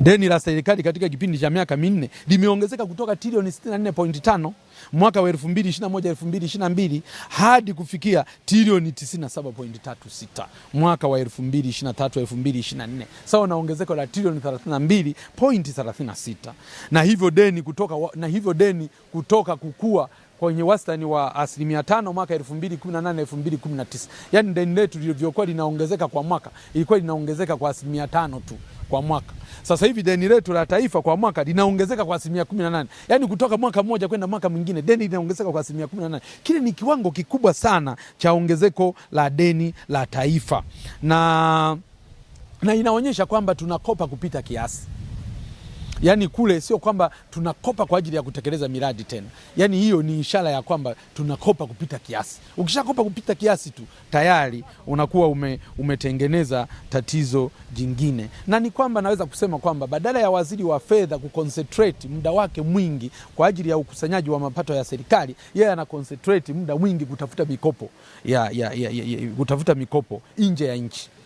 Deni la serikali katika kipindi cha miaka minne limeongezeka kutoka trilioni 64.5 mwaka wa 2021 2022 hadi kufikia trilioni 97.36 mwaka wa 2023 2024, sawa na ongezeko la trilioni 32.36, na hivyo deni kutoka na hivyo deni kutoka kukua kwenye wastani wa asilimia tano mwaka na tisa Yani deni letu lilivyokuwa linaongezeka kwa mwaka ilikuwa linaongezeka kwa asilimia tano tu kwa mwaka. Sasa hivi deni letu la taifa kwa mwaka linaongezeka kwa asilimia nane yani kutoka mwaka mmoja kwenda mwaka mwingine deni linaongezeka kwa asilimia nane Kile ni kiwango kikubwa sana cha ongezeko la deni la taifa na, na inaonyesha kwamba tunakopa kupita kiasi yani kule sio kwamba tunakopa kwa ajili ya kutekeleza miradi tena, yani hiyo ni ishara ya kwamba tunakopa kupita kiasi. Ukishakopa kupita kiasi tu tayari unakuwa ume, umetengeneza tatizo jingine, na ni kwamba naweza kusema kwamba badala ya waziri wa fedha kuconcentrate muda wake mwingi kwa ajili ya ukusanyaji wa mapato ya serikali, yeye ana muda mwingi kutafuta mikopo ya, ya, ya, ya, ya, kutafuta mikopo nje ya nchi.